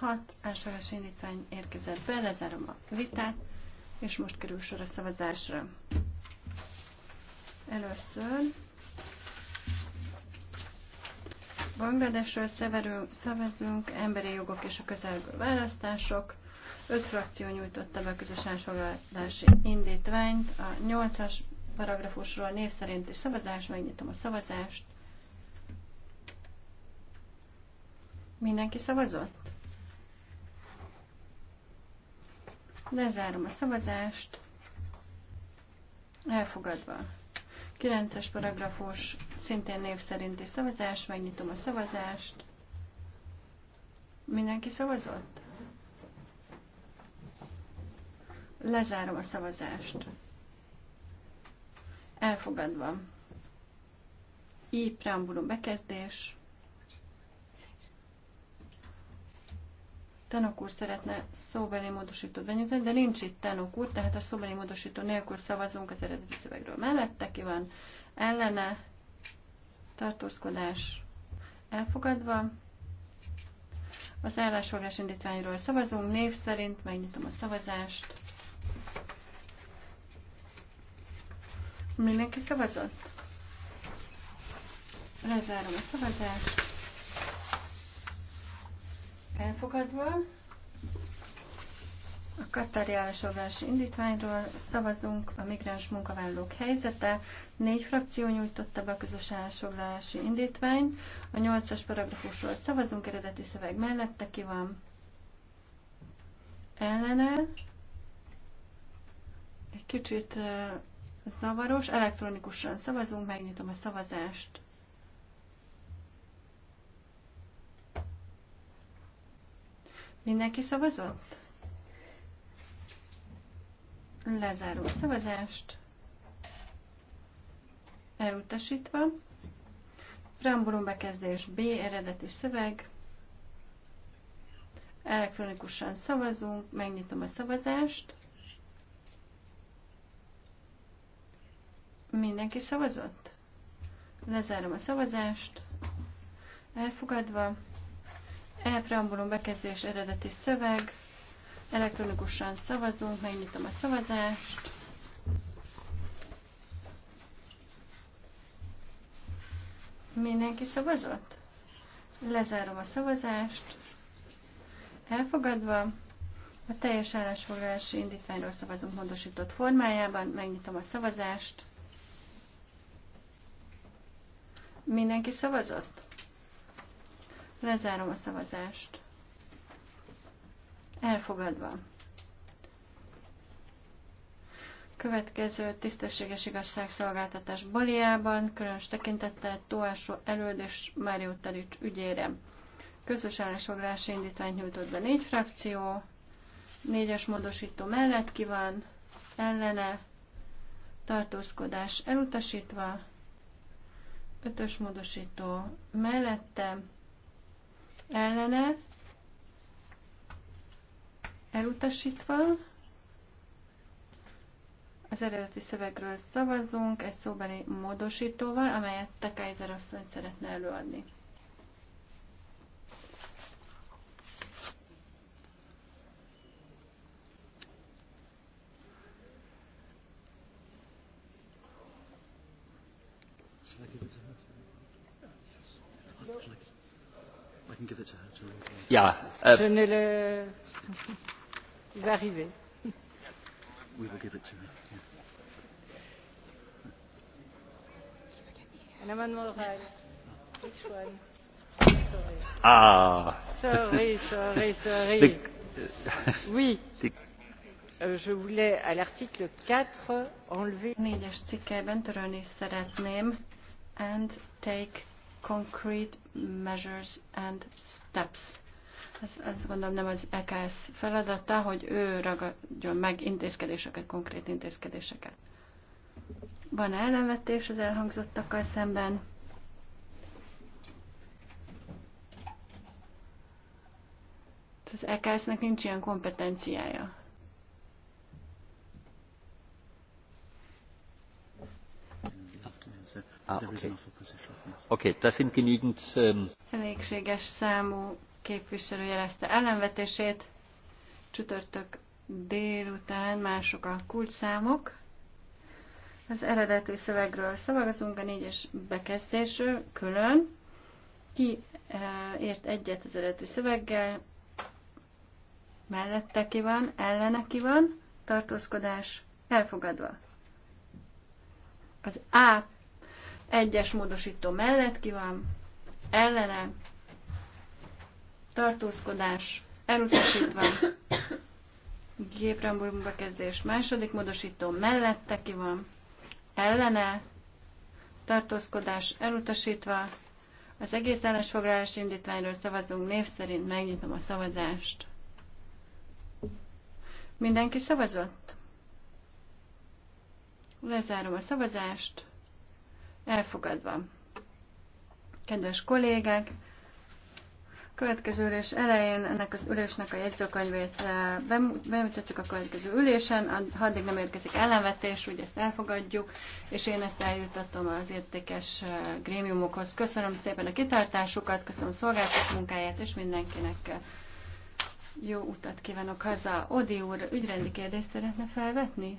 6 elsőres indítvány érkezett be, lezárom a vitát, és most kerül sor a szavazásra. Először Bangladesről szavazunk, emberi jogok és a közelgő választások. Öt frakció nyújtotta be közös elfoglalási indítványt. A 8-as paragrafusról név szerinti szavazás, megnyitom a szavazást. Mindenki szavazott? Lezárom a szavazást. Elfogadva. 9-es paragrafus, szintén név szerinti szavazás, megnyitom a szavazást. Mindenki szavazott? Lezárom a szavazást. Elfogadva. Így preambulum bekezdés. Tenok úr szeretne szóbeli módosítót benyújtani, de nincs itt Tenok úr, tehát a szóbeli módosító nélkül szavazunk az eredeti szövegről. Mellette ki van ellene, tartózkodás elfogadva. Az állásfogás indítványról szavazunk, név szerint megnyitom a szavazást. Mindenki szavazott? Lezárom a szavazást. Elfogadva. A Katari állásfoglalási indítványról szavazunk a migráns munkavállalók helyzete. Négy frakció nyújtotta be a közös állásfoglalási indítványt. A nyolcas paragrafusról szavazunk, eredeti szöveg mellette ki van ellene. Egy kicsit eh, zavaros, elektronikusan szavazunk, megnyitom a szavazást. Mindenki szavazott? Lezáró a szavazást. Elutasítva. Rambulum bekezdés B, eredeti szöveg. Elektronikusan szavazunk, megnyitom a szavazást. Mindenki szavazott? Lezárom a szavazást. Elfogadva. E preambulum bekezdés eredeti szöveg. Elektronikusan szavazunk, megnyitom a szavazást. Mindenki szavazott? Lezárom a szavazást. Elfogadva. A teljes állásfoglalási indítványról szavazunk módosított formájában. Megnyitom a szavazást. Mindenki szavazott? Lezárom a szavazást. Elfogadva. Következő tisztességes igazságszolgáltatás Boliában, különös tekintettel Tóásó előd és Mário Tadics ügyére. Közös állásfoglalási indítványt nyújtott be négy frakció, négyes módosító mellett ki van, ellene, tartózkodás elutasítva, ötös módosító mellette, ellene elutasítva. Az eredeti szövegről szavazunk egy szóbeli módosítóval, amelyet Kaiser asszony szeretne előadni. Ja. Uh, je Ah. Sorry, sorry, sorry. The... Oui. The... Euh, je voulais à l'article 4 enlever. Négyes cikkelyben törölni szeretném and take concrete measures and steps. Ez, ez gondolom nem az EKS feladata, hogy ő ragadjon meg intézkedéseket, konkrét intézkedéseket. Van ellenvetés az elhangzottakkal szemben? Az EKS-nek nincs ilyen kompetenciája. Ah, oké, okay. Okay, genügend, um... Elégséges számú képviselő jelezte ellenvetését. Csütörtök délután mások a kulcsszámok. Az eredeti szövegről szavazunk, a négyes bekezdésű külön. Ki ért egyet az eredeti szöveggel, mellette ki van, ellene ki van, tartózkodás elfogadva. Az A egyes módosító mellett ki van, ellene, tartózkodás, elutasítva, géprambulum kezdés, második módosító mellette ki van, ellene, tartózkodás, elutasítva, az egész ellensfoglalás indítványról szavazunk név szerint, megnyitom a szavazást. Mindenki szavazott? Lezárom a szavazást. Elfogadva. Kedves kollégák, következő ülés elején ennek az ülésnek a jegyzőkönyvét eh, bemutatjuk a következő ülésen, addig nem érkezik ellenvetés, úgy ezt elfogadjuk, és én ezt eljutatom az értékes eh, grémiumokhoz. Köszönöm szépen a kitartásukat, köszönöm a szolgáltatás munkáját, és mindenkinek eh, jó utat kívánok haza. Odi úr, ügyrendi kérdést szeretne felvetni?